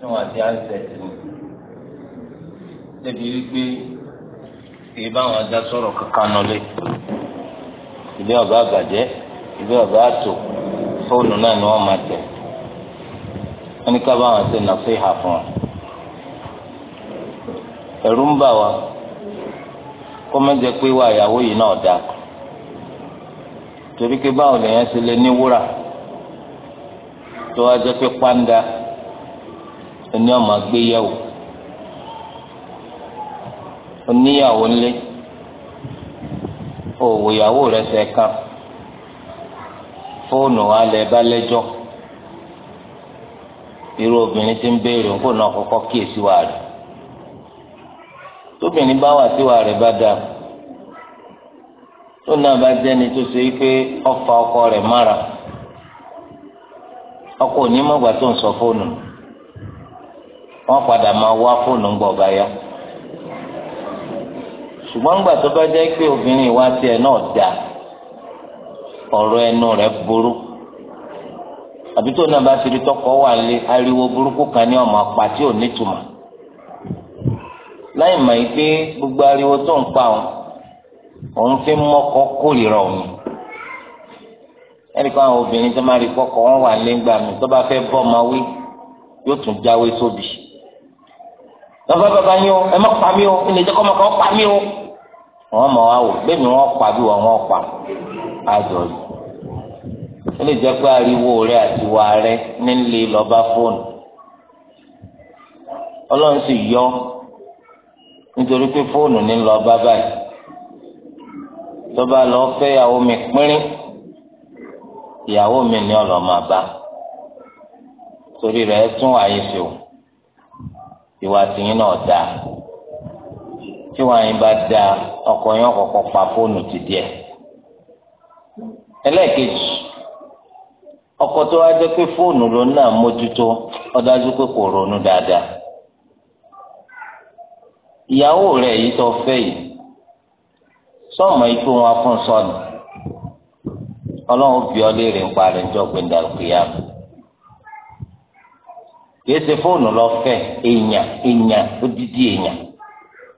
tí wọ́n àti àìsẹ̀tì ni débi wípé kì í bá wọn dá sọ̀rọ̀ kankan nọlé ìbí ọba àgbàjẹ́ ìbí ọba àtò fóònù náà ni wọ́n máa tẹ̀ wọ́n ní ká bá wọn ṣe nàfíhà fún wọn ẹ̀rù ń bà wá kó má jẹ́ pé wà ìyàwó yìí náà dá torí pé báwo lèèyàn ṣe lè ní wúrà tó wá pé pàǹdà. oní ọmọ agbéyẹ̀wò oníyàwó nlé òwò ìyàwó rẹ̀ ṣe kàn fóònù alẹ bá lẹ́jọ́ irú obìnrin tí ń béèrè nǹkó náà kọ́kọ́ kíyèsí wa rẹ̀ tóbìnrin bá wà síwà rẹ̀ bá dáa tó náà bá tó ṣe ọfà ọkọ rẹ mára ọkọ onímọ̀gbà tó ń sọ fóònù. wọ́n padà máa wá fóònù ń gbọ̀ báyà ṣùgbọ́n gbà tó bá jẹ́ pé obìnrin wa tiẹ̀ náà dà ọ̀rọ̀ ẹnu rẹ̀ burú àbí tó náà bá ti di tọkọ wà lé ariwo burúkú kan ní ọmọ apá tí ò nítumọ̀ láì mọ̀ yìí pé gbogbo ariwo tó ń pa òun òun fi mọ́kọ́ kórìíra òun ẹnìkan àwọn obìnrin tó máa rí kọ́kọ́ wọn wà lé ńgbà mi tó bá fẹ́ bọ́ ọmọ wí yóò tún jáwé sóbì. So bàbá bàbá yín o ẹ má pa mí o ilé ìjọkọ ọmọ kan pa mí o wọn mọ wa wò bẹ́ẹ̀ mi wọn pa bí wọn wọn pa àjọ yìí ó lè jẹ pé ariwo rẹ àti wa rẹ nílé lọba fóònù Ọlọ́run sì yọ nítorí pé fóònù ní lọba báyìí tọba lọ fẹ́ ìyàwó mi pínrín ìyàwó mi ní ọlọmọba torí rẹ tún àyè fi o. ìwà tìyín náà dáa tí wọn yín bá dáa ọkọ yín ọkọọkọ pa fóònù ti díẹ̀ ẹlẹ́ẹ̀kejì ọkọ tó wá jẹ́ pé fóònù ló náà mójútó ó pé kò ronú dáadáa ìyàwó rẹ̀ yìí tó fẹ́ yìí sọmọ ikú wọn fún sọnù kìí ṣe fóònù lọ èèyàn èèyàn odidi èèyàn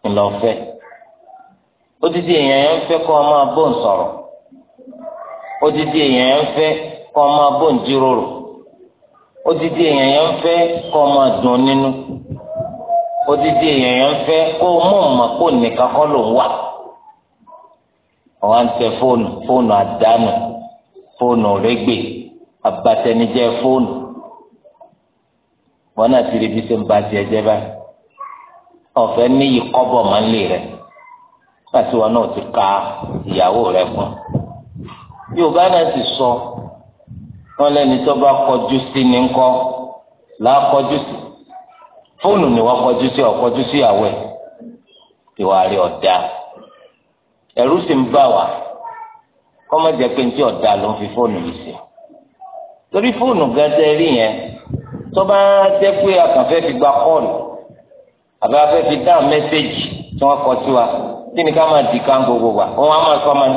ńlọ fẹ́ odidi èèyàn yẹn ń fẹ́ kó ọmọ abó ń sọ̀rọ̀ odidi èèyàn yẹn fẹ́ kó ọmọ abó ń odidi èèyàn yẹn dùn nínú odidi èèyàn yẹn kó nìkan kọ́ wọn náà ti rí bí ṣe ń ba tiẹ̀ jẹ́ báyìí ọ̀fẹ́ níyì kọ́bọ̀ máa ń lè rẹ̀ pàṣẹ wọn náà ti ka ìyàwó rẹ̀ fún yorùbá náà ti sọ wọn lẹ́ni tó bá kọjú sí ní ńkọ́ là á kọjú sí fóònù ni wọn kọjú sí ọkọjú sí ìyàwó ẹ̀ ìwà rẹ̀ ọ̀dà ẹ̀rù sì ń bà wá kọ́mọ̀jẹ̀ pé ní tí ọ̀dà ló ń fi fóònù yìí sí torí fóònù gẹ́gẹ́ rí yẹn tó bá jẹ́ pé àkànfẹ́ fi gba kọ́ọ̀lù àbí a fẹ́ fi dá mẹ́sẹ̀gì tí wọ́n kọ sí wa kí ni ká máa dì ká gbogbo wa wọn á máa sọ ma ní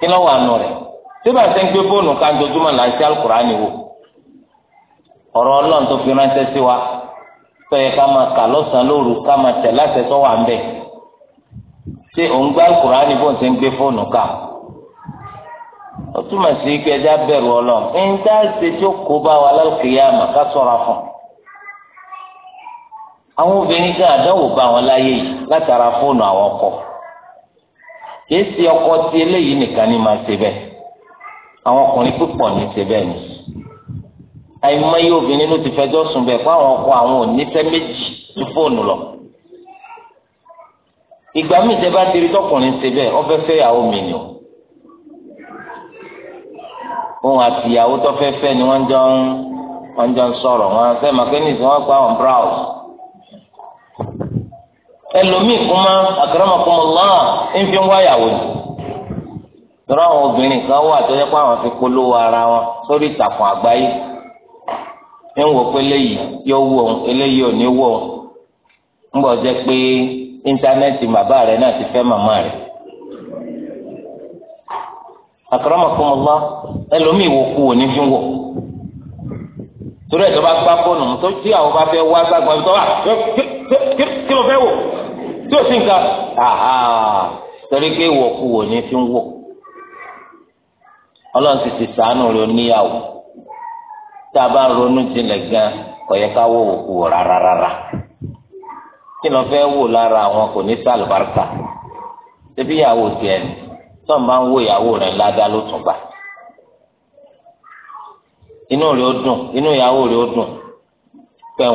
kí ló wà rẹ̀ tí bá ṣe ń gbé fóònù ká dojúmọ̀ là ń ṣe alukurani wò ọ̀rọ̀ ọlọ́run tó fi ránṣẹ́ sí wa tó yẹ ká máa kà lọ́sàn-án lóru ká máa tẹ̀ láṣẹ tó wà ń bẹ̀ ṣé òun gbé alukurani bó ń ṣe ń gbé fóònù ká ó túmọ̀ sí pé ẹja bẹ̀rù ọlọ́run ẹni tá a tí ó kó bá wa lálùkìyàmà ká sọ̀ra fún àwọn obìnrin gan àdánwò bá wọn láyé yìí látara fóònù àwọn ọkọ kìí ṣe ọkọ tí eléyìí nìkan ni máa ṣe bẹ́ẹ̀ àwọn ọkùnrin púpọ̀ ní ṣe bẹ́ẹ̀ ni àìmọye obìnrin ló ti fẹjọ́ sùn bẹ́ẹ̀ fún àwọn ọkọ àwọn oníṣẹ́ méjì ní fóònù lọ ìgbà míì tẹ ti rí tọkùnrin ṣe bẹ́ẹ̀ ọ fẹ́ fẹ́ mi ni o. òun àti ìyàwó tó fẹ́ fẹ́ ni wọ́n jọ ń wọ́n jọ ń sọ̀rọ̀ wọn ṣe màkínní wọ́n pa on browse. ẹlòmíì kún mọ́ akramakumullah ń fi ń wáyàwó ni. tọ́lá àwọn obìnrin kan wà tó yẹ pé àwọn fi polówó ara wọn sórí ìtàkùn àgbáyé. ń wò pé eléyìí yóò wò ó eléyìí ò ní wò ó. ń bọ̀ jẹ́ akramakumullah ẹlòmíì wò kú òní fi wò torí ẹ̀ tó bá gbá fóònù tó tí àwọn bá fẹ́ wá gbàgbọ́ tó wà kí ló fẹ́ wò tí ò sí nǹkan àhà torí pé wò kú òní fi wò ọlọ́run sì ti sàánù rẹ̀ oníyàwó tá a bá ń ronú jinlẹ̀ gan kò yẹ ká wò òkú rárá rárá kí ló fẹ́ wò lára àwọn kò ní sàlùbáríkà ṣé bí ìyàwó tiẹ̀ ni. tó ma ń wo ìyàwó rẹ̀ ládá ló tún gbà inú rẹ̀ ó dùn inú ìyàwó rẹ̀ ó dùn pé ń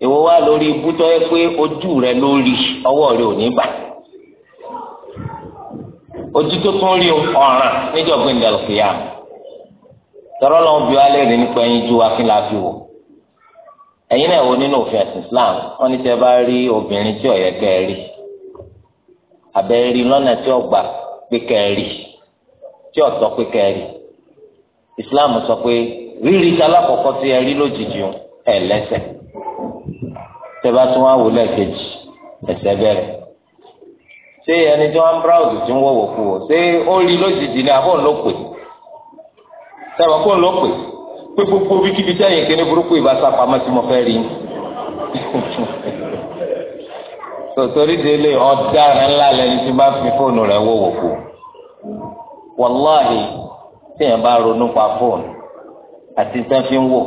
yín wá lórí ibú tó yẹ pé ojú rẹ̀ lórí ọwọ́ ò ní ojú tó tún rí ọràn níjọba ìdàlùkìyà tọrọ bí nípa ẹyin ju fi wò náà wo nínú òfin Islam ní abẹ́rí lọ́nà tí ó gbà pé kẹ́rì tí ó sọ pé kẹ́rì islam sọ pé rírí tí alákọ̀ọ́kọ́ tí ẹ rí lójijì ẹ̀ lẹ́sẹ̀ tẹ́bá tí wọ́n á wò lẹ́ẹ̀kejì ẹ̀sẹ̀ bẹ̀rẹ̀ ṣé ẹni tí wọ́n ń bráùdù tí ń wọ̀wọ̀ kú wọ̀ ṣé ó rí lójijì ni àbọ̀ ló pè sẹ́wọ̀ kó ló pè pé gbogbo bí kíbi tẹ́yìn kíní burúkú ìbá sápamọ́ tí mo fẹ́ rí ni. tòtòrí délé ọ̀daràn ńlá lẹni tí bá fi fóònù rẹ̀ wò wò kù wàláhì téèyàn bá ronú pa fóònù àti tán fi ń wò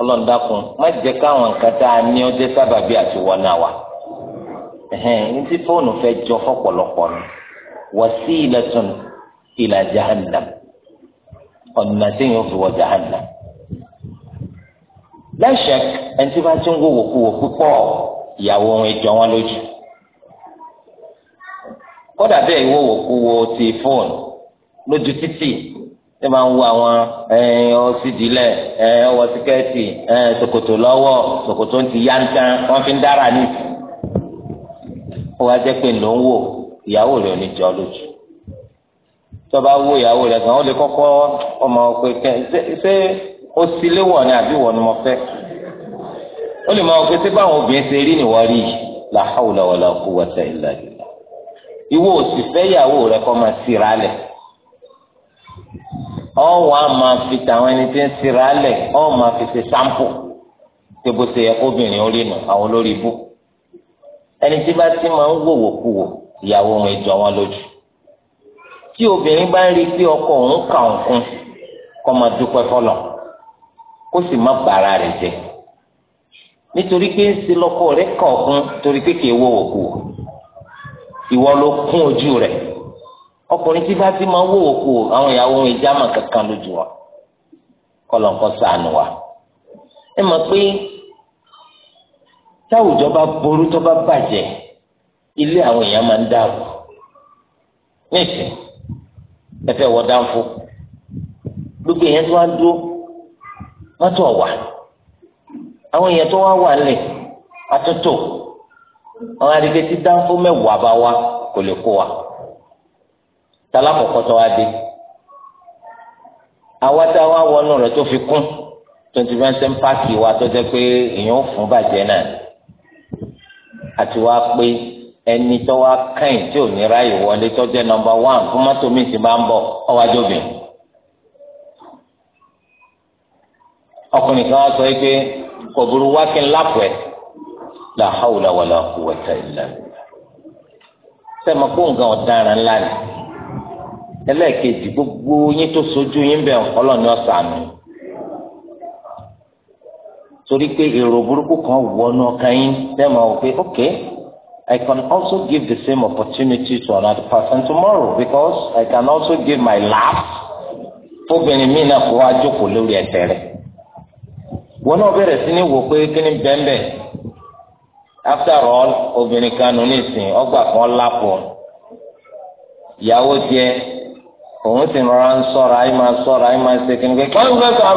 ọlọ́ọ̀dàkùn má jẹ́ káwọn nǹkan tá a ní sábàbí àti wọnà wa tí fóònù fẹ́ jọ fọ́pọ̀lọpọ̀ ni ọ̀nà fi ìyàwó wọn jọ wọn lójú kódà bẹ́ẹ̀ ìwọ wò kú wo ti fóònù lójú títì tí máa ń wo àwọn ọsídìílẹ̀ ọwọ́ síkẹ́ẹ̀tì ṣòkòtò lọ́wọ́ ṣòkòtò ń ti yá ń tán wọ́n fi ń dára ní ìsìn ó wá jẹ́ pé ló ń wò ìyàwó rẹ̀ ò ní jọ lójú tó bá wo ìyàwó rẹ̀ gan ó lè kọ́kọ́ ọmọ pé ṣé ó sílé wọ̀ ni àbí wọ̀ ni mo fẹ́ kí ó lè máa gbé sí báwọn obìnrin ṣe rí nìwọ rí yìí la hawla wala quwwata illa billah ìwọ òsì fẹ́ yàwó rẹ kọ́ máa síra lẹ̀ ọ wà á máa fi tàwọn ẹni tí ń síra lẹ̀ ọ máa fi ṣe sampo tí bó ṣe yẹ kóbìnrin ó rí nù àwọn olórí ibú ẹni tí bá ti máa ń wòwò kú wò ìyàwó wọn jọ wọn lójú tí obìnrin bá ń rí i pé ọkọ òun kà òun kún kọ́ máa dúpẹ́ fọlọ́ kó sì má bàrà rẹ̀ jẹ́ nítorí pé ń ṣe lọ́kọ rẹ̀ kọ̀ọ̀kan torí pé kì í wò òkú ìwọ ló kún ojú rẹ̀ ọkùnrin tí bá ti máa wò òkú àwọn ìyàwó ohun ìjà mà kankan lójú wa kọlọ̀ǹkọ sànù wa ẹ mọ̀ pé táwùjọ bá ború tó bá bàjẹ́ ilé àwọn èèyàn máa ń dàrú nísìn ẹ wọ dáńfó gbogbo èèyàn tó wá dúró mọ́tò ọ̀wà àwọn èèyàn tó wá wà lẹ̀ àtúntò àwọn àdìgbé tí dáńfó mẹ́wàá bá wá kò lè kó wa talákọ̀ọ́kọ́ tó wá dé àwa tá a wá wọnú rẹ̀ tó fi kún twenty percent paaki wa tó jẹ́ pé èèyàn ò fún bàjẹ́ náà àti wá pé ẹni tó wá kàn tí ò ní ráyè wọlé tó jẹ́ nọ́mbà one fún mọ́tò mi ti máa ń bọ̀ ọwájú obìnrin ọkùnrin kan sọ pé kọ̀bùrù wá kí n lápò ẹ̀ la hawla wala quwwata illa sẹ́mi kó nǹkan ọ̀daràn ńlá ni ẹlẹ́ẹ̀kejì gbogbo yín tó sojú yín bẹ̀ ọlọ́ni ọ̀sánù torí pé èrò burúkú kan wọnú ọkàn yín sẹ́mi ọ̀ pé ok I can also give the same opportunity to another person tomorrow because I can also give my laugh fóbìnrin mi náà kó wá jókòó lórí ẹsẹ̀ rẹ̀. wọn náà bẹ̀rẹ̀ sí ní wò pé kí ni after all obìnrin kan nù nísìn ọgbà kan lápọ̀ ìyàwó tiẹ̀ òun sì rọra ń sọ̀rọ̀ ayé máa sọ̀rọ̀ ayé máa ṣe kíni pé kí lásán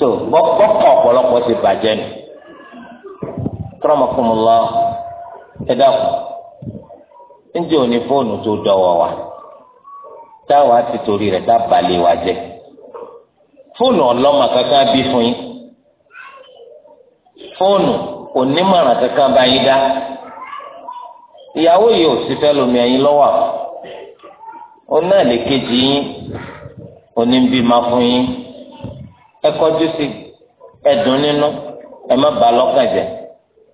so ti bàjẹ́ nù kọ́mọkùnmọ́lá ẹ dákun ǹjẹ́ òní fóònù tó wa táwa ti torí rẹ̀ fóònù ọlọ́mọ kankan bí fún yín fóònù onímọ̀ràn kankan bá yín dá ìyàwó yìí ò sí fẹ́ lómi ẹ̀yin lọ́wọ́ ọ̀nà ìlẹ́kejì yín oníbímọ fún yín ẹ kọjú sí ẹdùn nínú ẹ má bàa lọ́kàn jẹ́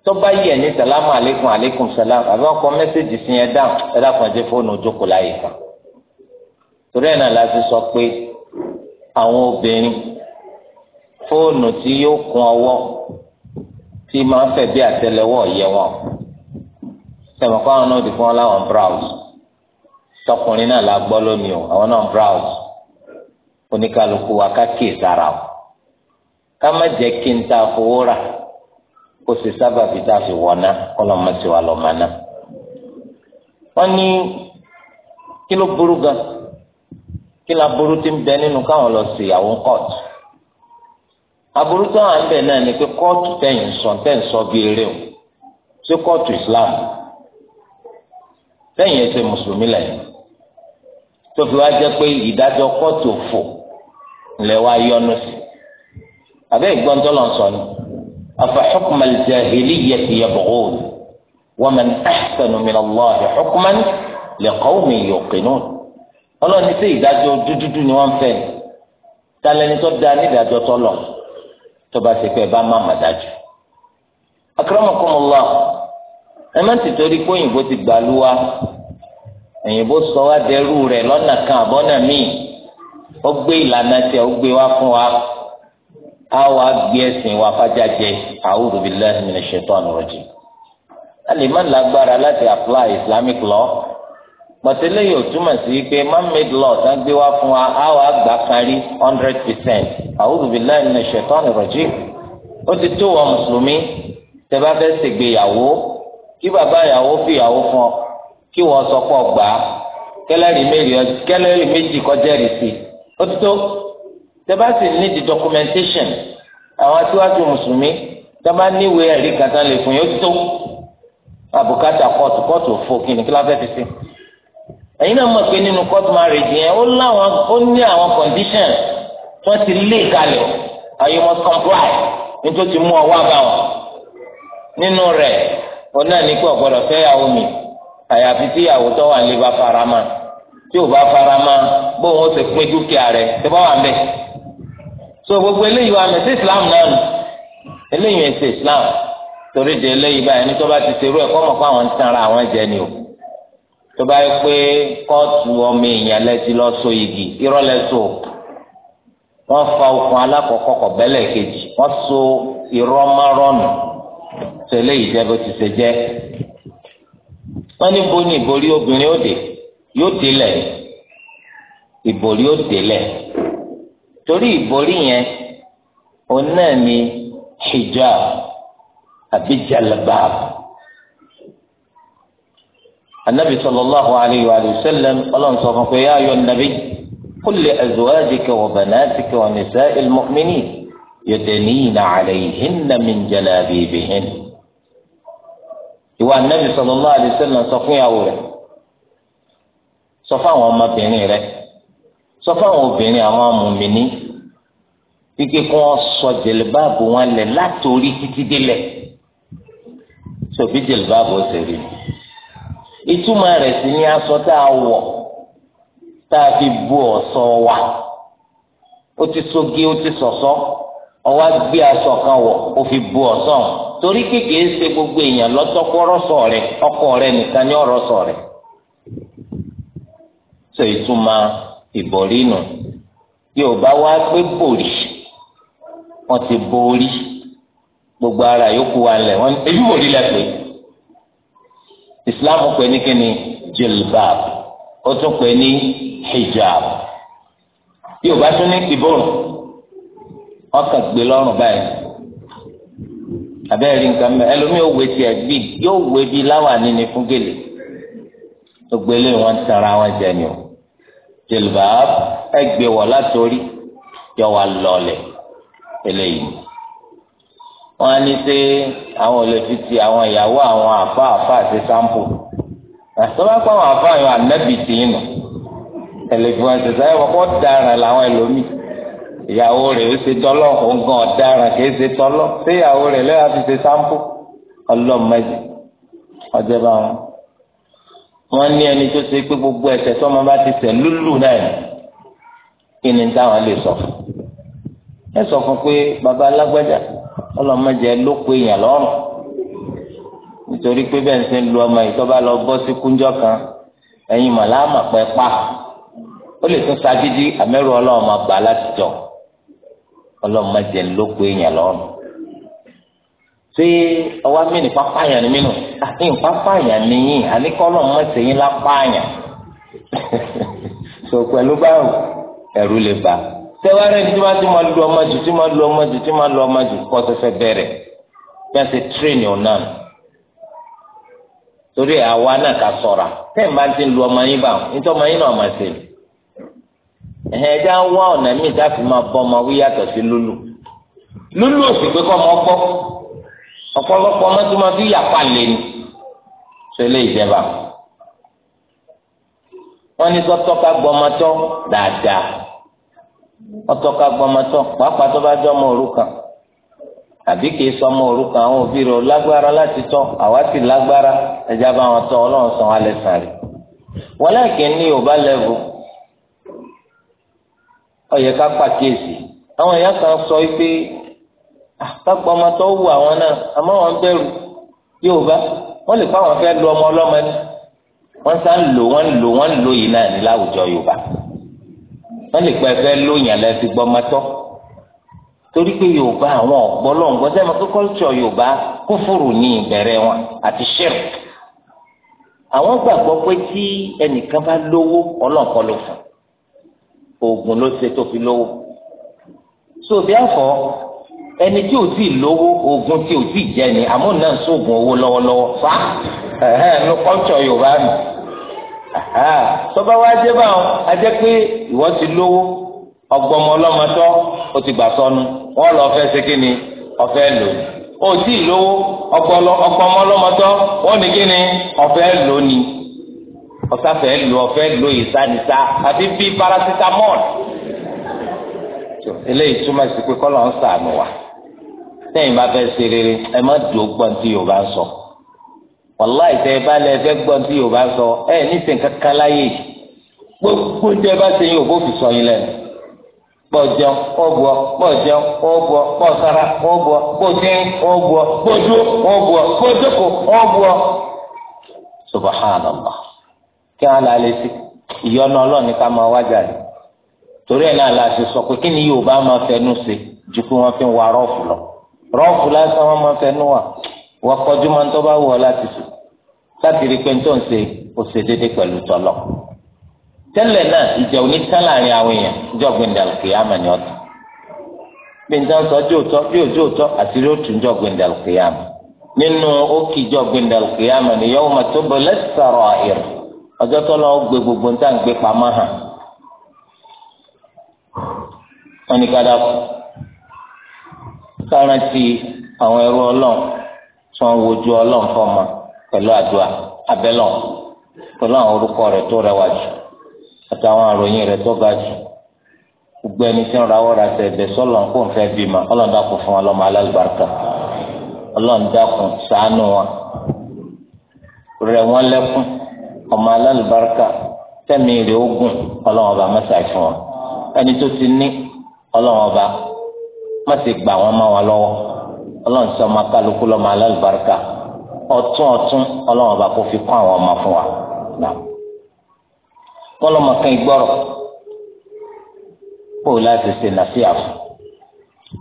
tó bá yẹ ní sàlámù aleykum aleykum sàlámù àbí wọn kọ mẹsàgì sí yẹn dáhùn ẹ dákun ẹ jẹ́ fóònù ojókòó láyé kan torí ẹ̀ náà la sọ pé àwọn obìnrin fóònù tí yóò kún ọwọ́ tí máa ń fẹ̀ bí àtẹ́lẹwọ́ yẹ wọn sẹmọ kó àwọn náà di fún wọn láwọn browse tọkùnrin náà la gbọ́ lónìí o àwọn náà browse oníkàlùkù wa ká kì í sára o ká má jẹ́ kí n ta fowó rà kó sì sábà fi tá fi wọ̀ná kó lọ́ọ́ mọ̀ wa lọ́ọ́ mọ̀ wọ́n ní kí ló burú gan-an kí la burú ti ń bẹ nínú káwọn lọ sí ìyàwó kóòtù aburú tó wà ń bẹ náà ni pé kóòtù tẹ̀yìn sọ tẹ̀yìn sọ bíi eré o ṣé kóòtù Islam tẹ̀yìn ẹsẹ̀ mùsùlùmí lẹ́yìn tó fi wá jẹ́ pé ìdájọ́ kóòtù fò lẹ́ wá yọnu sí àbẹ́ ìgbọ́n tó lọ sọ ni afa hukma al-jahiliyyati yabghun wa man ahsanu min Allahi hukman li qawmin yuqinun ọlọ́run sí ìdájọ́ dúdúdú ni wọ́n fẹ́ talẹ́ni tó da ní ìdájọ́ tó lọ tó bá ṣe pé ẹ bá má má dájú. akramakumullah ẹ má ti torí pé òyìnbó ti gbà lú wa òyìnbó sọ wá dẹrú rẹ̀ lọ́nà kan àbọ́nà míì ó gbé ìlànà tí ó gbé wá fún wa á wá gbé ẹsìn wa fájá jẹ a'udhu billahi minash shaitani rajim. a lè má lágbára láti apply islamic law pàtẹ́lẹ̀ yóò túmọ̀ sí pé man-made law tán gbé wá fún wa á wàá gbà kárí hundred percent a'udhu billahi minash shaitani rajim ó ti tó wọn mùsùlùmí tẹ́ bá fẹ́ ṣègbéyàwó kí bàbá ìyàwó fi ìyàwó fún ọ kí wọ́n sọ pọ̀ gbà á kẹlẹ́rì méjì kọjá rì sí ó ti tó tẹ́ sì ní di documentation àwọn aṣíwájú mùsùlùmí tẹ́ bá níwèé ẹ̀rí kàtà lè fún yóò ti tó àbùkátà kóòtù kóòtù ẹ̀yin náà mọ̀ pé nínú court marriage yẹn ó láwọn ó ní àwọn condition wọ́n ti lé kalẹ̀ you must comply nítorí mú ọwọ́ àbá wọn nínú rẹ̀ òun náà ní pé ọ̀gbọ́dọ̀ fẹ́ yàwó mi àyàfi tí ìyàwó tó wà nílé bá fara mọ́ tí ò bá fara mọ́ bóun ó ti pín dúkìá rẹ̀ tó bá wà ń bẹ̀. so gbogbo eléyìí wa mẹsẹ̀ Islam náà nù eléyìí mẹsẹ̀ Islam torí de eléyìí báyìí ní tó bá ti ṣerú ẹ̀ kọ́ mọ̀ pé àwọn ń tanra àwọn jẹ ni o tó bá yẹ pé kóòtù ọmọ èèyàn lẹ́tí lọ so igi irọ́ lẹ́sọ̀ wọ́n fa okùn alákọ̀ọ́kọ́ kọ̀ bẹ́lẹ̀ kejì wọ́n so irọ́ márọ́nù tẹ̀lé ìjẹ́bù ti ṣe jẹ́ wọ́n ní bo ní ìborí obìnrin òde yóò délẹ̀ ìborí ó délẹ̀ torí ìborí yẹn òun ni hijab àbí jalabab. النبي صلى الله عليه وآله وسلم قال انصرف يا أيها النبي قل لأزواجك وبناتك ونساء المؤمنين يدنين عليهن من جلابيبهن ìwà nẹ́bí sọlọ́lá àdìsẹ́lẹ̀ sọ fún ìyàwó rẹ̀ sọ fáwọn ọmọbìnrin rẹ̀ sọ fáwọn obìnrin àwọn amòmìnì kíkẹ́ kí wọ́n sọ jẹ̀lẹ́báàbò wọn lẹ̀ látòrí títí délẹ̀ sọ bí jẹ̀lẹ́báàbò ṣe rí i. ìtumọ̀ rẹ̀ sì ni aṣọ tá a wọ̀ tá a fi bu ọ̀ṣọ́ wa ó ti soge ó ti sọ̀sọ́ ọwọ́ gbé aṣọ kan wọ̀ ó fi bu ọ̀ṣọ́ hàn torí kékeré ṣe gbogbo èèyàn lọ́tọ́kọ́rọ́sọ rẹ̀ ọkọ rẹ̀ nìkan ní ọ̀rọ̀ rẹ̀ sọ ìtumọ̀ ìbọ̀rí nù yorùbá wá pé bòrí wọn ti borí gbogbo ara yòókù wa lẹ̀ wọ́n èyí mòrí lẹ́pẹ́ islam pè ní kíni jilbab ó tún pè ní hijab yóò bá tún ní ìbòrùn ọkàn gbé lọ́rùn báyìí abẹ́rẹ́ nǹkan mẹ́ ẹlòmíì òwe tiẹ̀ bí yóò wé bí láwà níní fún gèlè gbogbo eléyìí wọn ń wọn jẹ ni o jilbab ẹgbẹ́ wọ̀ látòrí yọ wà lọ́ọ̀lẹ̀ eléyìí wọn á ní pé àwọn ò lè fi ti àwọn ìyàwó àwọn àfa àfa àti sampo àtọ́wá pa àwọn àfa àwọn ànábì tì í nù tẹlifíwọn ṣẹṣẹ ẹ wọ́n kọ́ dáràn làwọn ẹlòmíì ìyàwó rẹ̀ ó ṣe tọ́lọ́ òǹkan ọ̀daràn kì í ṣe tọ́lọ́ ṣé ìyàwó rẹ̀ lẹ́yà fi ṣe sampo ọlọ́mọdé ọjọ́ bá wọn wọn ní ẹni tó ṣe pé gbogbo ẹsẹ tó ọmọ bá ti ṣẹ̀ lúlù náà ni kí ni táwọn lè sọ fún ẹ sọ fún pé baba ọlọ́mọdé ló pe èèyàn lọ́rùn nítorí pé bẹ́ẹ̀ ń sẹ́ ń lu ọmọ yìí tó bá lọ bọ́ sí kúnjọ́ kan ẹ̀yin màláàmà pẹ́ pa ó lè tún sagídí àmẹ́rù ọlọ́ọ̀mà gbà láti jọ ọlọ́mọdé ló pe èèyàn lọ́rùn ṣé ọwọ́ mìíní pápáyà ni mínú àyìn pápáyà ni yín àníkọ́lọ́ mọ́sẹ̀yìn lápáyà sọ pẹ̀lú báyìí ẹ̀rù lè bá a tẹwárẹ ní tí wọn ti máa lu ọmọ jù tí máa lu ọmọ jù tí máa lu ọmọ jù kọ ṣẹ̀ṣẹ̀ bẹ̀rẹ̀ bí a ṣe tírèènì ọ̀nà torí àwa náà ká ṣọ́ra tẹ́ ẹ̀ bá ti lu ọmọ yín bá wọn nítorí ọmọ yín náà máa ṣe ẹ̀hìn ẹ̀já ń wá ọ̀nà míì tá a fi máa bọ́ ọmọ wí yàtọ̀ sí lúlù lúlù òsì pé kọ́ ọmọ gbọ́ ọ̀pọ̀lọpọ̀ ọmọ tó máa fi yàpá lé ni ṣẹlẹ̀ ìjẹba wọn ní sọ́tọ́ ká gbọ́ ọmọ tọ́ dáadáa. ọtọka gbọmọtọ pàápàá tó bá jẹ ọmọ òrukàn àbí kì í sọ ọmọ àwọn òbí lágbára láti tọ àwa sì lágbára ẹjẹ bá wọn tọ́ Ọlọ́run alẹ sàn rẹ wọn lẹkẹ ní yorùbá lẹbù ọyẹ ká pàkíyèsí sọ pé wù àwọn náà àmọ́ wọn bẹ̀rù wọn lè pa fẹ́ lu ọmọ ọlọ́mọ ni wọn sá ń lò wọn wọ́n lè pẹ́ fẹ́ lóyìn alẹ́ ti gbọ́ mọ́tọ́ torí pé yorùbá àwọn ọ̀gbọ́lọ́ngbọ́ sẹ́mi pé kọ́lítọ̀ yorùbá kúfùrù ní ìbẹ̀rẹ̀ wọn àti ṣẹ́rù àwọn gbàgbọ́ pé tí ẹnìkan bá lówó ọlọ́ọ̀kan ló fún oògùn ló ṣe tó fi lówó so therefore ẹni tí ò tí ì lówó oògùn tí ò tí ì jẹ ni àmọ́ náà sóògùn owó lọ́wọ́lọ́wọ́ fa ẹ̀hẹ́n ní kọ́lítọ̀ yorùbá mi sọba wa jẹ báwọn ajẹ pé ìwọ ti lówó ọgbọmọ ọlọmọtọ o ti gbà sọnù wọn lọ fẹ ṣe kí ni ọfẹ lò ní o tí ì lówó ọgbọmọ ọlọmọtọ wọn ní kí ni ọfẹ lò ní ọsàfẹ lò ọfẹ lò yìí sanisa àti bíi parasitamọl eléyìí túmọ̀ sí pé kọ́lọ̀ ń sàánù wa tẹ́yìn bá fẹ́ ṣe rere ẹ má dùn ó gbọ́n tí yorùbá ń sọ. So wàláì tẹ ẹ bá lẹ fẹ́ gbọ́ tí yorùbá sọ ẹ nísìnyí kankan láyè gbogbo tẹ ẹ bá ṣe yín òbó fi sọ yín lẹ́nu kpọjọ ọgbọ kpọjọ ọgbọ kpọsara ọgbọ kpọjẹ ọgbọ kpọjọ ọgbọ kpọjọkọ ọgbọ subahánàlá kí wọn là lè sí ìyọnu ọlọ́ọ̀ni ká máa wájà rẹ̀ torí ẹ̀ náà la ṣe sọ pé kí ni yorùbá máa fẹnu ṣe ju pé wọ́n fi ń wa lọ rọ́ọ̀fù lásán wọ́n máa fẹnu wà wọ́n kọjú máa ń tọ́ bá wù ọ́ láti sùn láti rí pé ń tó ń ṣe ó ṣe déédé pẹ̀lú tọ́lọ̀ tẹ́lẹ̀ náà òní tán láàrin àwọn èèyàn jọ̀gbìn dàlùkì àmà ni ọ̀tún bí sọ bí òótọ́ bí òjò òótọ́ àti rí òtún jọ̀gbìn dàlùkì àmà gbogbo ń gbé pamọ́ hàn wọn ni wọn wojú ọlọ́nkọ́ ma pẹ̀lú àdúrà abẹ́lọ̀ pẹ̀lú àwọn orúkọ rẹ̀ tó rẹwà jù àtàwọn àròyìn rẹ̀ tó ga jù gbogbo ẹni tí ń rawọ́ ra sẹ̀dẹ̀ sọ́lọ̀ ń kó ń fẹ́ bímọ ọlọ́run dákun fún wọn lọ́mọ ọlọ́run dákun wọn rẹ̀ wọ́n lẹ́kún ọlọ́run sọ ọmọ kálukú lọ́mọ alálùbáríkà ọ̀tún ọ̀tún ọlọ́run ọba kò fi kọ́ àwọn ọmọ fún wa náà wọ́n lọ́mọ kan ìgbọ́rọ̀ kó o láti ṣe nàṣíà fún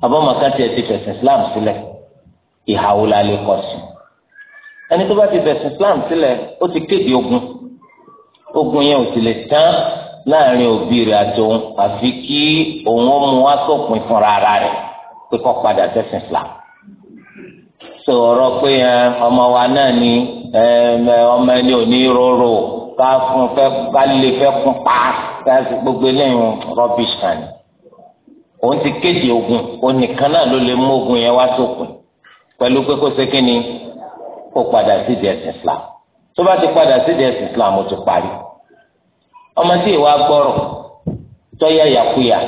abọ́mọ tiẹ̀ ti fẹ̀sìn Islam sílẹ̀ ìhàwó la lè kọ̀ sí ẹni tó bá ti fẹ̀sìn Islam sílẹ̀ ó ti kéde ogun ogun yẹn ò sì lè tán láàrin òbí rẹ̀ àti òun àfi kí òun ó mú wá sópin fúnra rẹ̀ pé kó padà sẹ́sìn Islam sọ̀rọ̀ pé ọmọ wa náà ni ọmọ ẹni ò ní rorò ká fún fẹ́ ká lè fẹ́ kún pa káàsì gbogbo eléyìí rubbish kan ni. òun ti kéde ogun onìkan náà ló lè mú ogun yẹn wá sókun pẹ̀lú pé kó ṣe kí ni kó padà sí di ẹ̀sìn Islam tó bá ti padà sí di ẹ̀sìn Islam ó ti parí. ọmọ tí ìwà gbọ́rọ̀ tọ́yà yàkuyà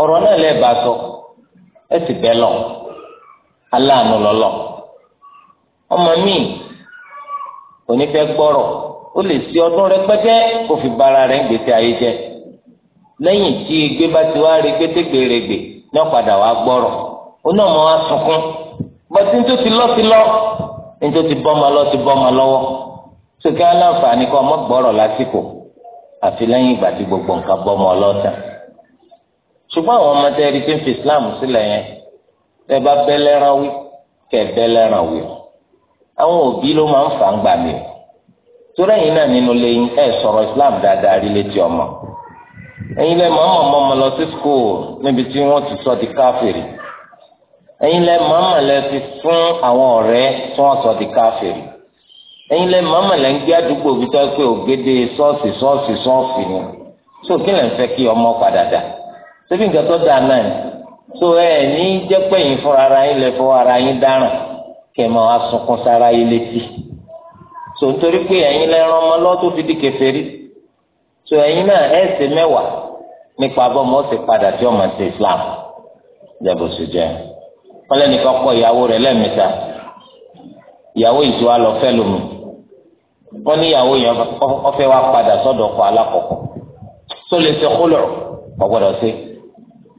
ọ̀rọ̀ náà lẹ́ẹ̀ bá sọ ẹ sì lọ aláàánú lọ́lọ́ọ̀ ọmọ míì kò ní fẹ́ gbọ́rọ̀ ó lè ṣe ọdún rẹpẹtẹ kó fi bara rẹ̀ ń gbèsè ayé jẹ lẹ́yìn tí egbé bá ti wá rí gbẹdẹgbẹrẹgbẹ náà padà wá gbọ́rọ̀ ó náà mọ wá sunkún bọtí ní tó ti lọ ti lọ ní tó ti bọ́mọ lọ ti bọ́mọ lọ́wọ́ sókè aláǹfààní kọ ọmọ gbọ́rọ̀ lásìkò àfi lẹ́yìn ìgbà tí gbogbo nǹkan bọ́mọ ọlọta ṣùgbọ́n àwọn ọmọ ẹni tí ń fi Islam sílẹ̀ yẹn tẹ bá bẹlẹran wí kẹ bẹlẹran wí o àwọn òbí ló máa ń fà ń gbà mí torí ẹ̀yin náà nínú lẹ́yìn ẹ sọ̀rọ̀ islam dáadáa rí létí ọmọ ẹ̀yin lẹ mọ ọmọ ọmọ lọ sí school níbi tí wọ́n ti sọ di káfìrí ẹ̀yin lẹ mọ ọmọ lẹ ti fún àwọn ọ̀rẹ́ tí wọ́n sọ di káfìrí ẹ̀yin lẹ mọ ọmọ lẹ ń gbé àdúgbò bí tọ́ pé ògèdè ṣọ́ọ̀ṣì ṣọ́ọ̀ṣì ṣọ́ọ̀ṣì ni so kí lẹ ń kí ọmọ padà dà ṣébí nǹkan tó dáa náà ni so ẹ ní jẹ́ pé yín fún ara yín lẹ fún ara yín dáràn kẹ máa wá sunkún sára yìí létí so nítorí pé ẹ̀yin lẹ́ran ọmọ lọ́tò fi di kèfèrí so ẹ̀yin náà ẹ̀ ṣe nípa bọ́ọ̀mù ọ̀sẹ̀ padà tí ọmọ ṣe Islam jẹ́bù sí jẹ́ wọ́n lẹ́nìkan pọ̀ ìyàwó rẹ̀ lẹ́ẹ̀mẹ́ta ìyàwó ìtú wa lọ fẹ́ lómi wọ́n ní ìyàwó yẹn ọ̀fẹ́ wa padà sọ́dọ̀ ọkọ alákọ̀ọ́kọ́ tó lè ṣe kólọ̀ kò gbọ́dọ̀ ṣe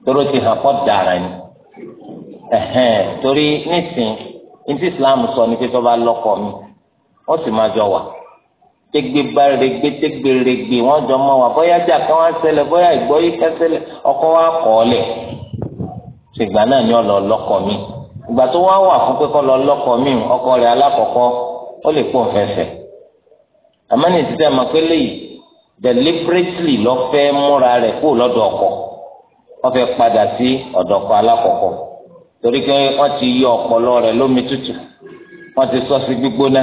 torí ti hàn kọ́ dára ni torí nísìnyí nítí islam sọ ni pé tó bá lọ́kọ mi wọ́n sì máa jọ wà tẹgbẹgbàrẹgbẹ tẹgbẹrẹgbẹ wọ́n jọ mọ wà bóyá jà kan wá ṣẹlẹ̀ bóyá ìgbọyé kẹsẹlẹ ọkọ wa kọ ọ lẹ ṣùgbà náà ni ọlọ lọ́kọ mi ìgbà tó wá wà fún pé kọ lọ lọ́kọ mi ọkọ rẹ̀ alákọ̀ọ́kọ́ ó lè pọ fẹsẹ̀ àmọ́ ní ìtítẹ mọ pé léyìí deliberately lọ fẹ́ múra rẹ̀ kó lọ́dọ̀ ọkọ wọ́n fẹ́ padà sí ọ̀dọ̀ ọkọ alákọ̀ọ́kọ́ torí pé wọ́n ti yọ ọpọlọ rẹ̀ lómi tútù wọ́n ti sọ sí gbígbóná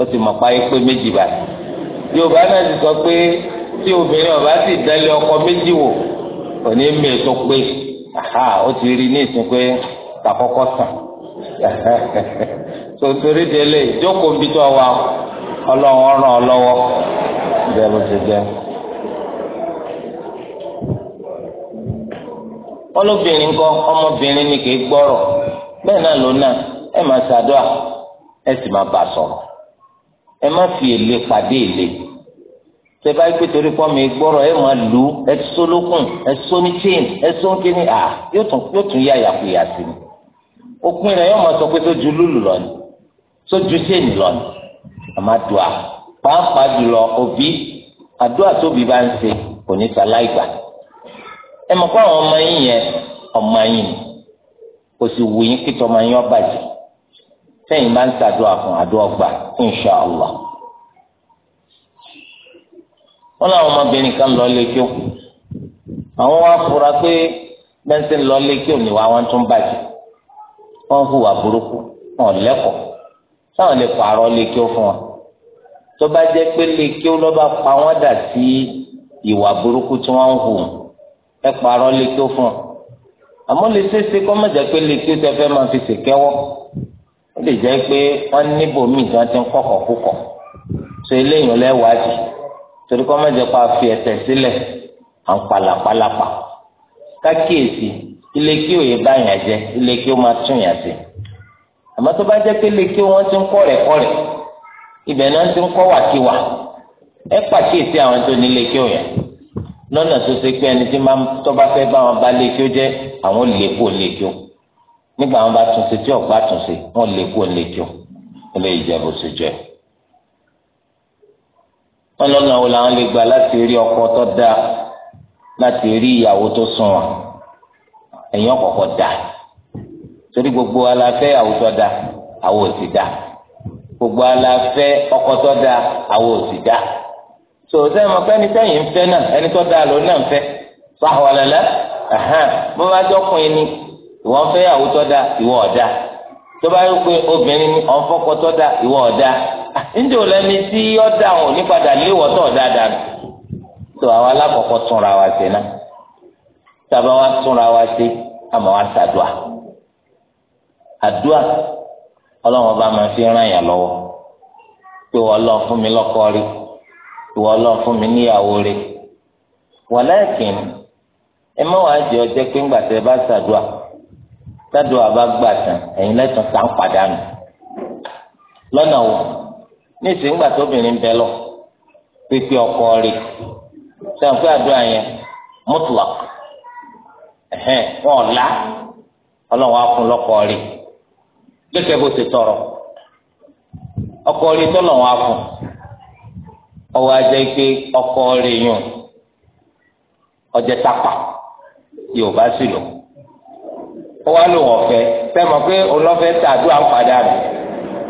ó ti mọ̀ páyé pé méjì báyìí yorùbá náà ti sọ pé tí obìnrin ọba sì dálé ọkọ méjì wò kò ní mí tó pé ó ti rí ní ìsìn pé tàkọ́kọ́ sàn sotori délé ìjókòó bí tó wà ọlọ́run ọ̀ràn ọ lọ́wọ́ bẹ́ẹ̀ ló ti jẹ́. ọlọ́bìnrin kọ́ ọmọbìnrin ni kì í gbọ́rọ̀ bẹ́ẹ̀ náà ló náà ẹ máa ṣàdúrà ẹ sì máa bà sọ̀rọ̀ ẹ má fi èlé pàdé èlé tẹ bá gbé torí pọ́ mi gbọ́rọ̀ ẹ máa lù ú ẹ só lókùn ẹ só ní chain ẹ só ní kíní à yóò tún yá yàkuyà sí ni òpin rẹ̀ yóò máa sọ pé sójú lùlù lọ ni sójú chain lọ ni àmọ́ àdúrà pàápàá jùlọ òbí àdúrà tóbi bá ń ṣe kò ní sa láì ẹ mọ̀ pé àwọn ọmọ yín yẹn ọmọ yín ni kò sì wù yín pé tọmọ yín ọba jì sẹ́yìn bá ń ṣàdúrà fún àdúrà gbà insha allah wọn làwọn ọmọbìnrin kan lọ lé kí ó àwọn wa fura pé bẹ́ńsẹ̀ lọ lé kí ó wọn tún bàjẹ́ wọn hùwà burúkú wọn lẹ́kọ̀ọ́ táwọn lè pààrọ̀ lé fún wọn tó bá jẹ́ pé lé kí pa wọ́n dà sí ìwà burúkú tí wọ́n ń hù wọn ẹ pààrọ̀ lè tó fún ọ àmọ́ lè ṣeéṣe kọ́ mọ̀jà pé lè tó tẹ fẹ́ máa fi ṣèkẹ́wọ́ ó lè jẹ́ pé wọ́n níbò míì tí wọ́n ti ń kọ̀kọ̀ púpọ̀ so eléyìí lẹ́wàájì torí kọ́ mọ̀jà a fi ẹ̀tẹ̀ sílẹ̀ à ń palàpalàpà kákíyèsí ilé kí òye bá yàn jẹ ilé kí ó máa tún yàn sí àmọ́ tó bá jẹ́ pé ilé kí wọ́n ti ń kọ́ rẹ̀ kọ́ rẹ̀ ibẹ̀ náà ti ń kọ́ wàkiwà ẹ pàkíyèsí àwọn tó nílé kí òyàn lọ́nà tó ṣe pé ẹni tí máa tó bá fẹ́ bá wọn bá lé kí ó jẹ́ àwọn lè kó lè kí ó nígbà wọn bá túnṣe tí ọ̀pá túnṣe wọn lè kó lè kí ó ó lè jẹ bó ṣe jẹ. wọn lọ́nà wo làwọn lè gbà láti rí ọkọ tó dáa láti rí ìyàwó tó sùn wọn ẹ̀yìn ọ̀kọ̀ọ̀kọ̀ dáa torí gbogbo aláfẹ́ àwùjọ dáa àwọn ò sì dáa gbogbo aláfẹ́ ọkọ tó dáa àwọn ò sì dáa sòsẹ́ ọmọ fẹ́ni sẹ́yìn ń fẹ́ náà ẹni tó dáa lọ náà ń fẹ́ sàwọlẹ́lẹ́ bó bá jọ kún ẹni ìwọ ń fẹ́ yàwó tó dáa ìwọ ọ̀dà tó bá yóò pé obìnrin ni ọ̀n fọ́kọ tó dáa ìwọ ọ̀dà níjẹ́ òlẹ́ni tí ọ̀dà òun nípadà léwọ́ tó ọ̀dà dànù tó àwa alákọ̀ọ́kọ́ túnra wa ṣe náà tábà wa túnra wa ṣe àmọ́ wa ṣàdùà àdùà ọlọ́run ọba máa fi ràn yàn lọ́wọ́ pé wọ́n lọ fún mi lọ́kọ́ rí. ìwọ Ọlọ́run fún mi níyàwó rẹ wàláàkìn ẹ má wàá jẹ ọjẹ pé ńgbà tẹ bá ṣàdúà ṣàdúà bá gbà tán ń padànù wo ní ìsìngbà tóbìnrin bẹ lọ pípé ọkọ rẹ sàǹfẹ àdúrà yẹn mutlaq ẹhẹn wọn ọlá á fún lọ́kọ rẹ gẹ́gẹ́ bó tọrọ ọkọ rẹ á ọwọ́ ajẹ́ pé ọkọ rẹ̀ yàn ọjẹ tápà tí bá sì lọ. ó wá lò fẹ fẹ́ sẹ́mọ̀ pé olọ́fẹ́ tàdú àǹfààdà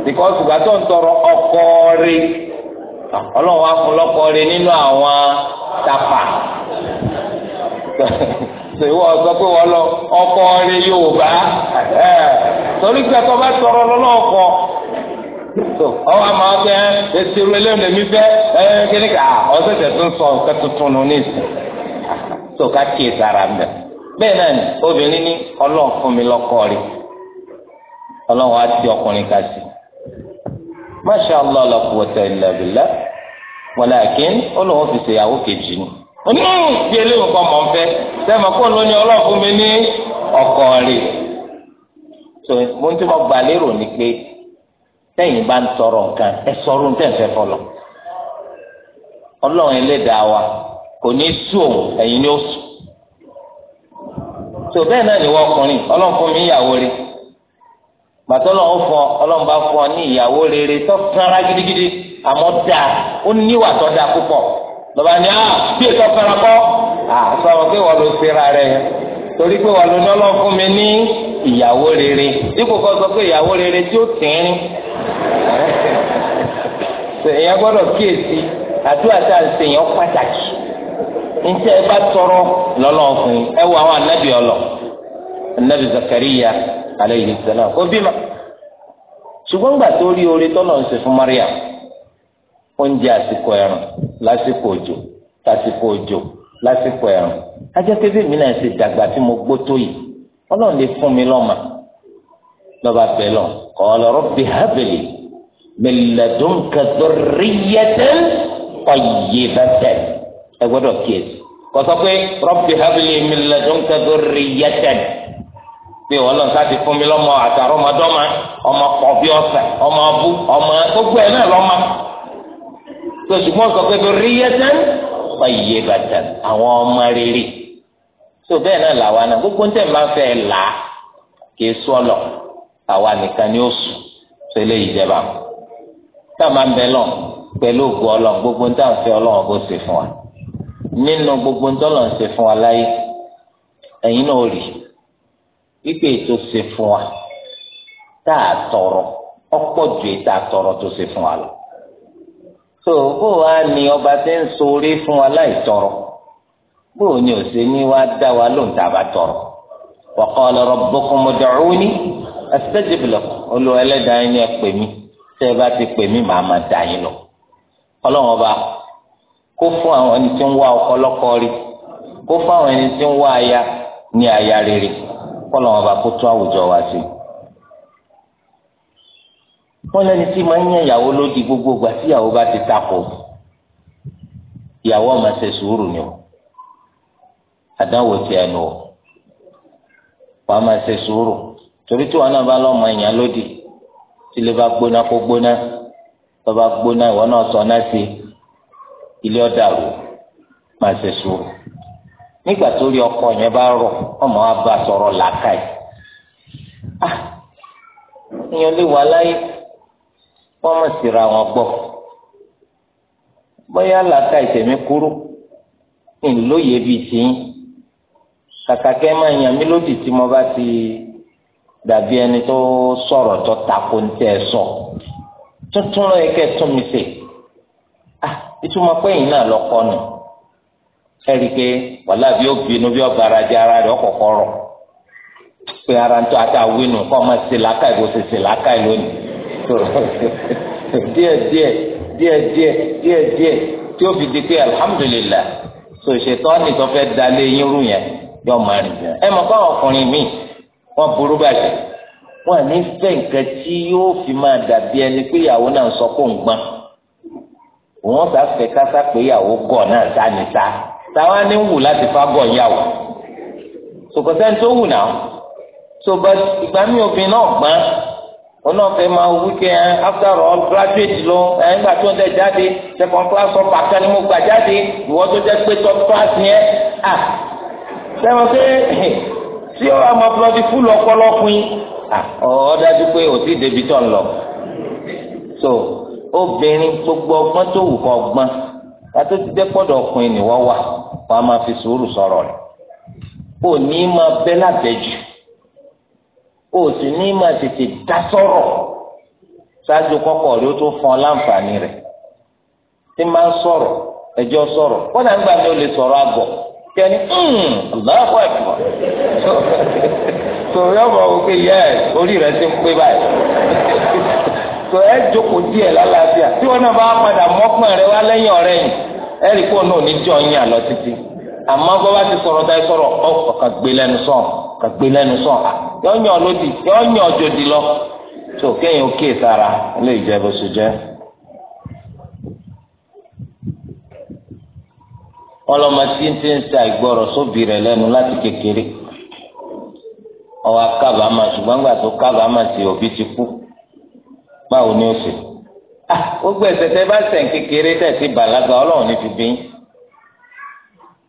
because ìgbà tó ń tọrọ ọkọ rẹ̀ ọlọ́run wá fún lọ́kọ rẹ̀ nínú àwọn tápà ṣe sọ pé tọrọ ọkọ. so ọwọ àmọ ọgbẹ ẹsẹ ìrọ̀lẹ́ ọdẹ mi fẹ ẹ kíni ká ọsẹsẹ tó ń sọ nǹkan tuntun nù ní ìsìn so ká kíyè sára mbẹ bẹ́ẹ̀ náà ni obìnrin ní Ọlọ́run fún mi lọ́kọ rí Ọlọ́run á ti ọkùnrin ká sí masha allah la quwwata illa billah walakin Ọlọ́run fi ṣèyàwó kejì ni onú hmm, bí eléyìí kan mọ̀ ń fẹ́ sẹ́mi kó ló ní Ọlọ́run fún mi ní ọkọ rí so mo ń tún mọ tẹ́yìn bá ń tọrọ nǹkan ẹ sọ̀rọ̀ ní tẹ̀sẹ̀ fọlọ́ ọlọ́run ẹlẹ́dàá wa kò ní sùn òun ẹ̀yin ni ó sùn tó bẹ́ẹ̀ náà ni wọ́n ọkùnrin ọlọ́run fún mi ìyàwó fọ ọlọ́run bá fọ ní gidigidi àmọ́ ó níwà tó púpọ̀ lọ́ba ni a ah, bí ètò kọ́ torí pé wọ́n ló ní ọlọ́run fún mi ní ìyàwó rere dípò èèyàn gbọ́dọ̀ kíyèsí àdúrà tá à ń pàtàkì ẹ bá tọrọ lọlọ ẹ wọ àwọn anabi ọlọ anabi Zakariya aleyhi salam ó bímọ ṣùgbọ́n gbà tó rí orí tọ́lọ̀ ń fún Mariam oúnjẹ àsìkò ẹ̀rùn lásìkò òjò lásìkò òjò lásìkò ẹ̀rùn ajẹ́ pé mi náà ṣe dàgbà tí mo gbó tó yìí lọ́ba bẹ̀ lọ qala rabbi habli min ladunka dhurriyatan tayyibatan ẹ gbọ́dọ̀ kíyèsí kọsọ pé rabbi habli min ladunka dhurriyatan pé wọn lọ́n sáti fún mi lọ́mọ àtàrọ́ ọmọ dọ́mà ọmọ kọ̀ọ̀bí ọ̀sẹ̀ ọmọ ọbú ọmọ gbogbo ẹ̀ náà lọ́mọ. tó ṣùgbọ́n sọ pé àwọn ọmọ rere. tó bẹ́ẹ̀ náà làwọn náà gbogbo ń tẹ̀ máa fẹ́ là á kì í àwa nìkan ni ó sùn tó eléyìí jẹba tá a máa ń bẹ lọ pẹ̀lú ògùn ọlọ́run gbogbo ń tà ń fẹ́ ọlọ́run bó ṣe fún wa nínú gbogbo ń tọ́lọ̀ ń ṣe fún wa láyé ẹ̀yin náà rí wípé ètò ṣe fún wa tá a tọrọ ọ̀pọ̀ ju ètò àtọrọ tó ṣe fún wa lọ tó bó wa ni ọba tí ń sori fún wa láì tọrọ bó ni òṣè wa dá wa lóhùn tá a bá tọrọ wa qala rabbukum ud'uni astajib lakum olùwà ẹlẹ́dàá yín ni ẹ pè mí tẹ́ ẹ bá ti pè mí màá máa dà yín lọ ọlọ́run ọba kó fún àwọn ẹni tí ń wá ọkọ lọ́kọ rí kó fún àwọn ẹni tí ń wá aya ní aya rere kọ́lọ́run ọba kó tún àwùjọ wa sí i wọn lẹni tí máa ń yan ìyàwó lódì gbogbo tí ìyàwó bá ti takò ìyàwó máa ṣe sùúrù ni o àdánwò ti ẹnu o wàá máa ṣe sùúrù torí tí wọn náà bá lọ mọ èèyàn lódì tí ilé bá gbóná kó gbóná tó bá gbóná ìwọ náà sọ náà sí ilé ọ̀dà máa ṣe sùúrù nígbà tó rí ọkọ yẹn bá rọ ọmọ wa bá sọ̀rọ̀ làákàyè ah èèyàn lè wà láyé wọn mọ síra wọn gbọ́ bóyá làákàyè tèmi kúrú ńlóye bíi tiyín kàkà kẹ́ máa yàn mí lódì tí mo bá ti dàbí ẹni tó sọ̀rọ̀ tó tako ní tẹ́ ẹ sọ tuntun lọ yẹ kẹ́ ẹ tún mi sè ah ìtumọ̀ pé yìí náà lọ kọ́ nù ẹ rí i pé wàhálà bí ó bínú bí ó bara jẹ ara rẹ̀ ọ̀kọ̀ọ̀kọ̀ rọ̀ pé ara ń tọ́ àtàwé nù kọ́ ọmọ ṣe làákàyè bó ṣe ṣe làákàyè lónìí díẹ̀ díẹ̀ díẹ̀ díẹ̀ díẹ̀ díẹ̀ tí ó fi di pé alihamudulilayi so ṣètọ́ nìkan dalé yín rú yẹn yọ ọmọ rìn jẹ ẹ mọ̀ fáwọn ọkùnrin míì wọ́n burú bàjẹ́ wọ́n ní fẹ́ nǹkan tí yóò fi máa dàbí ẹni pé ìyàwó náà sọ kó ń gbọ́n wọ́n sá fẹ́ kásá pé ìyàwó gọ̀ náà sá ní sá táwa ní wù láti fa gọ̀ ìyàwó sòkòtẹ́ tó wù náà tó bá ìgbà mi obìnrin náà gbọ́n wọn náà fẹ́ máa wí kẹ́ ẹ after all graduate lọ ẹ nígbà tó ń tẹ̀ jáde second class of pàṣẹ ni mo gbà jáde ìwọ tó jẹ́ pé top class yẹn à sẹ́wọ̀n pé tí ó àmọ́ pọlọtì fúlù ọpọlọ fún yín ọ dájú pé ò sí débi tó ń lọ so obìnrin gbogbo ọgbọ́n tó wù kọ gbọ́n kátó ti dẹpọdọ ọkùnrin ni wọn wà wọn a máa fi sùúrù sọ̀rọ̀ rẹ̀ ò ní máa bẹ lábẹjù ò sì ní máa tètè dá sọ̀rọ̀ ṣáájú kọkọ rẹ̀ ó tó fún ọ láǹfààní rẹ̀ tí máa ń sọ̀rọ̀ ẹjọ́ sọ̀rọ̀ kọ́nà nígbà tí ó lè sọ̀rọ̀ àgọ̀ kí ẹni ọ̀làkọ̀ hmm, ẹ̀kọ́ so yọ̀bọ̀ wò pé yẹ orí rẹ ti ń pé báyìí so ẹ jókòó díẹ̀ lálàáfíà tí wọn náà bá padà mọ́pọ̀n rẹ wá lẹ́yìn ọ̀rẹ́ yìí ẹ rí pọ̀ náà oníjọ́ yín àlọ́ títí àmọ́ bọ́ bá ti sọ̀rọ̀ sọ̀rọ̀ ọ̀ kà gbé lẹ́nu kà gbé lẹ́nu lódì jòdì lọ so kéèyàn ó kéè sára ilé tí ń ti ń sóbì ọwọ́ akábàámà ṣùgbọ́n gbà tó kábàámà sí òbí ti kú báwo ni ó ṣe. Ah, gbogbo ẹ̀ṣẹ̀ tẹ́ bá ṣẹ̀ kékeré tẹ́ balaga bàlágà ní fi bín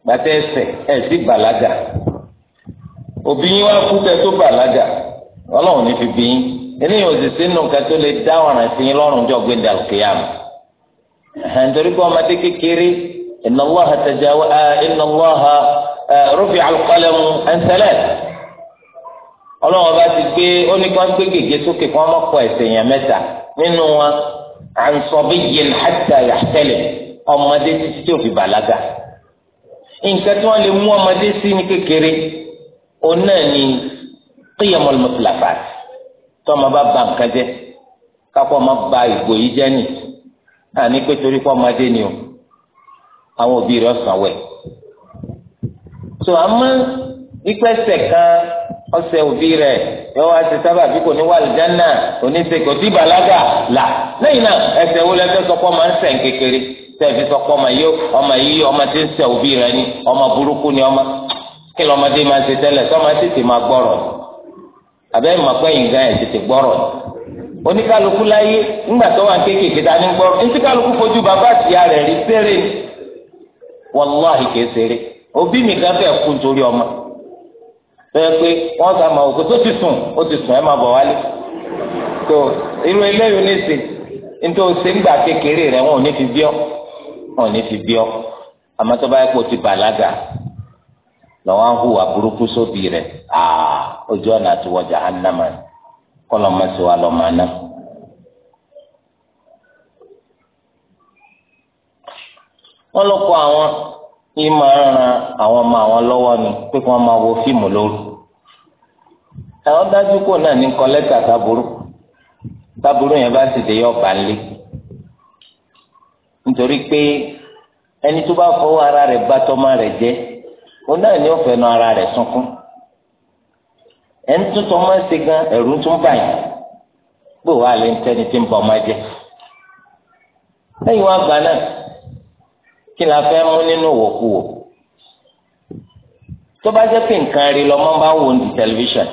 gbàtẹ́ ẹ̀ṣẹ̀ ẹ̀ balaga òbí yín wá kú kẹ́ tó bàlágà ní fi eléyìí nù lè dá sí yín jọ nítorí pé ọmọdé kékeré ìnáwó ìnáwó rúbì ọlọ́run ọba ti gbé ó ní kí wọ́n gbé gègé sókè kí wọ́n mọ̀kọ ẹ̀sẹ̀ yẹn mẹ́ta nínú wọn à ń sọ bí yẹn hatta yahtali ọmọdé títí tí ò bàlágà nǹkan tí wọ́n lè mú ọmọdé sí ní kékeré òun náà ni qiyamul mutlafat tí ọmọ bá ba nǹkan jẹ́ kápọ̀ ọmọ ba ìgò yìí jẹ́ nì àní pé torí pé ọmọdé ni o àwọn òbí rẹ̀ ọ̀sán wẹ̀ àmọ́ ìpẹ́sẹ̀ kan. ọsẹ òbí rẹ yọwọ ẹsẹ sábà bí kò ní wà lìjánà oníṣe kò tí bàlágà là lẹ́yìn náà ẹsẹ wo lẹsẹ sọpọ máa ń sẹ kékeré sẹfì sọpọ ọmọ yìí ọmọ yìí ọmọ tí ń sẹ òbí rẹ ni ọmọ burúkú ni ọmọ kí lọmọdé máa ṣe tẹlẹ sọmọ títí máa gbọ́rọ̀ ma ìmọ̀pẹ́yìn gan láyé ńgbà tó wà kéékèèké ta ní fojú bàbá àtìyá rí òbí bẹ́ẹ̀ pé wọ́n sá máa òkú tó ti sùn ó ti sùn ẹ̀ máa bọ̀ wálé tó irú eléyìí ní onye nítorí o ṣe ń gbà kékeré rẹ wọn ò ní fi bí ọ wọn ò ní fi bí ọ àmọ́ tó bá yẹ kó o ti bàlágà ń hùwà burúkú sóbì ojú ọ̀nà àti wọjà kí máa ń ran àwọn ọmọ àwọn lọ́wọ́ ni pé kí wọ́n máa wo fíìmù lóru àwọn dájú kò náà ní kọ lẹ́tà sábúrú sábúrú yẹn bá sì dé yọ balẹ̀ nítorí pé ẹni tó bá fọwọ́ ara rẹ̀ bá tọ́mọ rẹ̀ jẹ́ òun náà ni ó fẹ́ nu ara rẹ̀ sunkún ẹni tó tọ́mọ ṣe gan ẹ̀rù tún báyìí gbòòwò àlẹ́ ń tẹ́ni tí ń bọ ọmọ jẹ́ lẹ́yìn wọn àgbà náà kí la fẹ́ mú nínú wòkuwò tó bá jẹ́ pé nǹkan rí lọ́mọ bá wò ní tẹlifíṣàn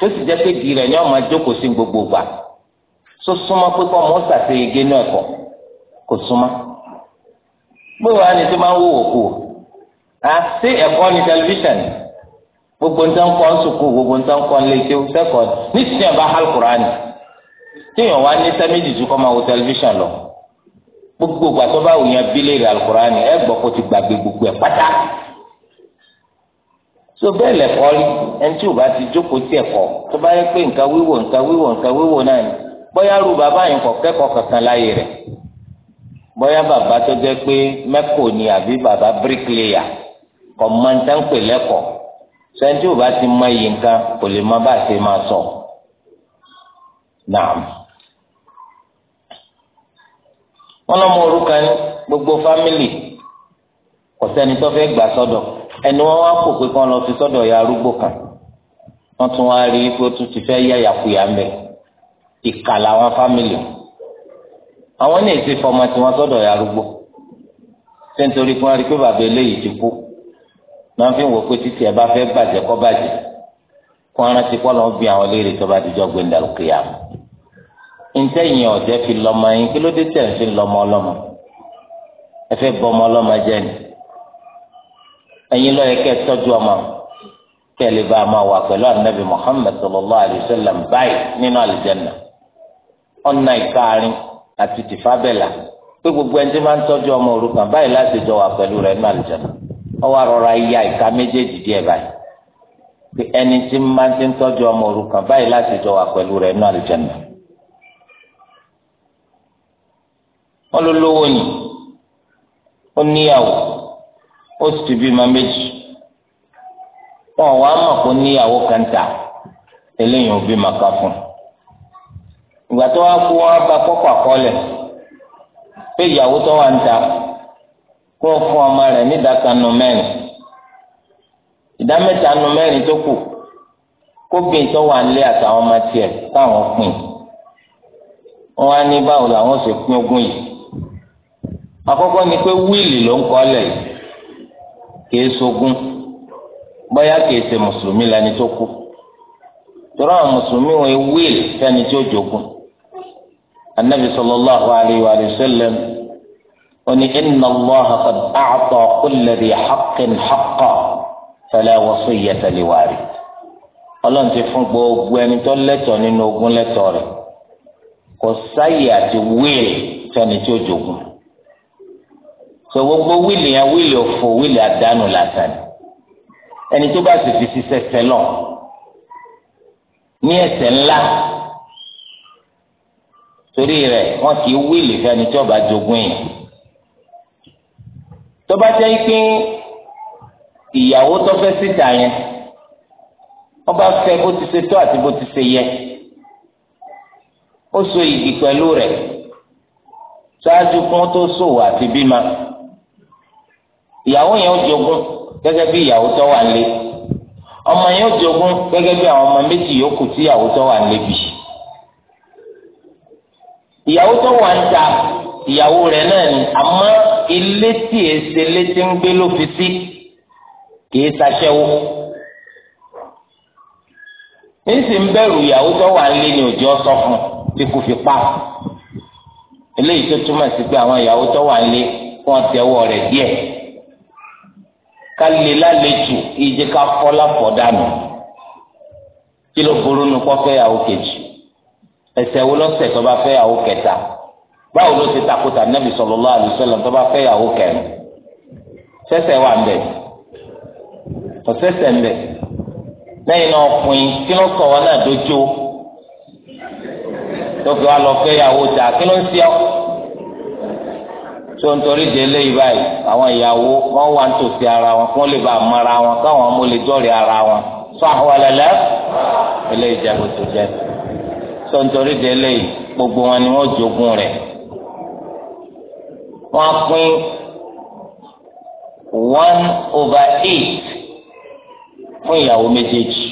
tó sì jẹ́ pé di rẹ̀ ní ọmọ jókòó sí gbogbo gbà tó súnmọ́ pé kọ́ mọ́ sàṣeyege ní ẹ̀kọ́ kò súnmọ́ pé wàá ní tó máa ń wò wòkuwò à sí ẹ̀kọ́ ní tẹlifíṣàn gbogbo ń tán kọ́ ń sùkú gbogbo ń tán kọ́ ń lé kéwù sẹ́kọ̀ọ́ ní sísè bá hàlùkùránì tíyàn wá ní sẹ́méjì ju kọ́ máa wo tẹlifíṣàn lọ gbogbo ìgbà tó bá wù yẹn bí léèrè alukurani ẹ gbọ́ kó ti gbàgbé gbogbo ẹ̀ pátá so bẹ́ẹ̀ lẹ́kọ́ rí ẹni tí o bá ti jókòó tí ẹ̀kọ́ tó bá yẹ pé nǹkan wíwò nǹkan wíwò nǹkan wíwò náà ni bóyá ru bàbá yẹn kò kẹ́kọ̀ọ́ kankan láyé rẹ̀ bóyá bàbá tó jẹ́ pé mẹ́kò ni àbí bàbá bíríkìlẹ̀yà kò mọ ní táǹpẹ̀ lẹ́kọ̀ọ́ sẹ́ni tí o bá ti mọ iye nǹkan kò lè má bá a ṣe máa sọ wọn lọ́mọ òrukàn ní gbogbo fámìlì kò sẹ́ni tó fẹ́ gbà sọ́dọ̀ ẹni wọn wá kó pé kán lọ fi sọ́dọ̀ ya arúgbó kan wọn tún wá rí i pé ó tún ti fẹ́ yá yàkuyà ń bẹ ìkà làwọn fámìlì àwọn ní èsì fọmọ tí wọn sọ́dọ̀ ya arúgbó ṣé nítorí pé wọn rí i pé bàbá eléyìí ti kú náà fi wò pé títí ẹ bá fẹ́ bàjẹ́ kọ́ bàjẹ́ kó ara ti kọ́ lọ́n bí àwọn léèrè tó bá dijọ́ gbé ńdàlùkìyà mọ́. ntẹ̀yìn ọ̀jẹ́ fi lọ́mọ yín kí ló dé tẹ̀ fi lọ́mọ ọlọ́mọ ẹ fẹ́ ọmọ ọlọ́mọ jẹ́ ni ẹ̀yin lọ́yẹ kẹ́ ẹ tọ́jú ọmọ a máa wà pẹ̀lú anabi muhammed sallallahu alayhi wa sallam báyìí nínú àlìjẹ́nà ọ̀nà ìkaarin àti tìfábẹ́là pé gbogbo ẹni tí máa ń tọ́jú ọmọ òrukàn báyìí láti jọ wà pẹ̀lú rẹ̀ nínú méjèèjì díẹ̀ báyìí pé ẹni tí máa ń wọn ló ni ó níyàwó ó sì ti bímọ méjì wọn wàá mọ̀ kó níyàwó kan tà eléyìí ò bímọ kan fún un ìgbà tó wá kú wọn bá kọ́kọ́ àkọọ́lẹ̀ pé ìyàwó tó wà ń ta kó fún ọmọ rẹ̀ nídàáka nu mẹ́rin ìdá mẹ́ta nu mẹ́rin tó kù kóbìn tó wà ń lé àtàwọn ọmọ tiẹ̀ káwọn pín wọn á ní báwo làwọn ṣe pín ogún yìí àkọ́kọ́ ni pé wíìlì ló ń kọ́lẹ̀ kìí sogún bóyá kìí ṣe mùsùlùmí lẹni tó kú tọ́lá àwọn mùsùlùmí wọn wíìlì sẹ́ni tí ó jogún anabi sallallahu alayhi wa sallam oni inna allah qad a'ta kulli dhi haqqin haqqa fala wasiyyata liwarith ọlọ́run ti fún gbogbo ẹni tó lẹ́tọ̀ọ́ nínú ogún lẹ́tọ̀ọ́ rẹ̀ kò sáyè àti wíìlì sẹ́ni tí ó pé gbogbo wíìlì yẹn wíìlì òfò wíìlì àdánù lásán ẹni tó bá sì fi ṣiṣẹ́ sẹ́lọ̀ ní ẹ̀ṣẹ̀ ńlá torí rẹ̀ wọ́n kì í wíìlì fẹ́ni tí ọba jogún yìí tó bá jẹ́ pé ìyàwó tó fẹ́ síta yẹn wọ́n bá fẹ́ bó ti ṣe tó àti bó ti ṣe yẹ ó so igi pẹ̀lú rẹ̀ ṣáájú kún tó ṣòwò àti bímọ ìyàwó yẹn ó jogún gẹ́gẹ́ bí ìyàwó tó wà lé ọmọ yẹn ó jogún gẹ́gẹ́ bí àwọn ọmọ méjì yòókù tí ìyàwó tó wà lé bì ìyàwó tó wà ń ta ìyàwó rẹ̀ náà ni àmọ́ ilé tí èsè létí ń gbé ló fi sí kìí ṣaṣẹ́wó nísìn bẹ̀rù ìyàwó tó wà lé ní òjò sọ fún tí kò fi pa eléyìí tó túmọ̀ sí pé àwọn ìyàwó tó wà lé wọ́n tẹ́wọ́ rẹ̀ díẹ̀ kálí lálejò ìdí ká fọlá fọdánù kí ló burú nu kó fẹ́yàwó kejì ẹsẹ̀ wo lọ́sẹ̀ tó bá fẹ́yàwó kẹta báwo ló ti takùtà nẹ́bí sallallahu alaihi wasallam tó bá fẹ́yàwó kẹrin sẹ́sẹ̀ wà ń bẹ̀ ọ̀sẹ̀sẹ̀ ń bẹ̀ lẹ́yìn náà ọkùnrin kí ló sọ wọn náà dójó tó fi wá lọ fẹ́yàwó ta kí ló ń ṣe ọ́ tó ń torí de eléyìí báyìí àwọn ìyàwó wọn wà nítòsí ara wọn kí lè bá a mara wọn káwọn ọmọ lè jọrìí ara wọn sọ àwọn ẹlẹlẹ eléyìí jẹ kó tó jẹ tó ń torí de eléyìí gbogbo wọn ni wọn jogún rẹ̀ wọn pín one over eight fún ìyàwó méjèèjì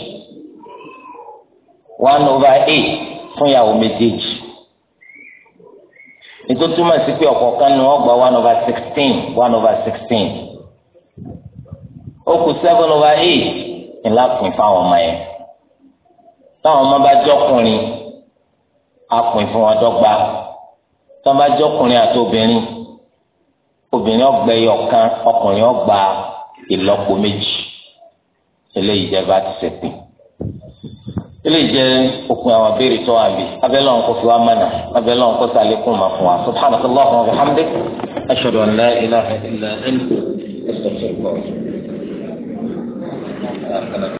one over eight fún ìyàwó méjèèjì nítorí túmọ̀ sí pé ọ̀kọ̀ọ̀kan ni wọ́n one over sixteen one over sixteen ó kù seven over eight ńlá pín fáwọn ọmọ yẹn táwọn ọmọ bá jọkùnrin á pín fún wọn dọ́gba táwọn bá jọkùnrin àti obìnrin obìnrin ọgbẹ́ ọ̀kan ọkùnrin ọgbà ìlọ́po méjì eléyìí jẹ́ ti ṣe ilé jẹ́ òpin àwọn abéèrè tó wà bí abẹ́lẹ́ ọ̀hún kò fi wá mọ̀nà abẹ́lẹ́ ọ̀hún kò sí àlékún mà fún wa subhanaka allahumma wa bihamdik ashhadu an la ilaha illa anta astaghfiruka.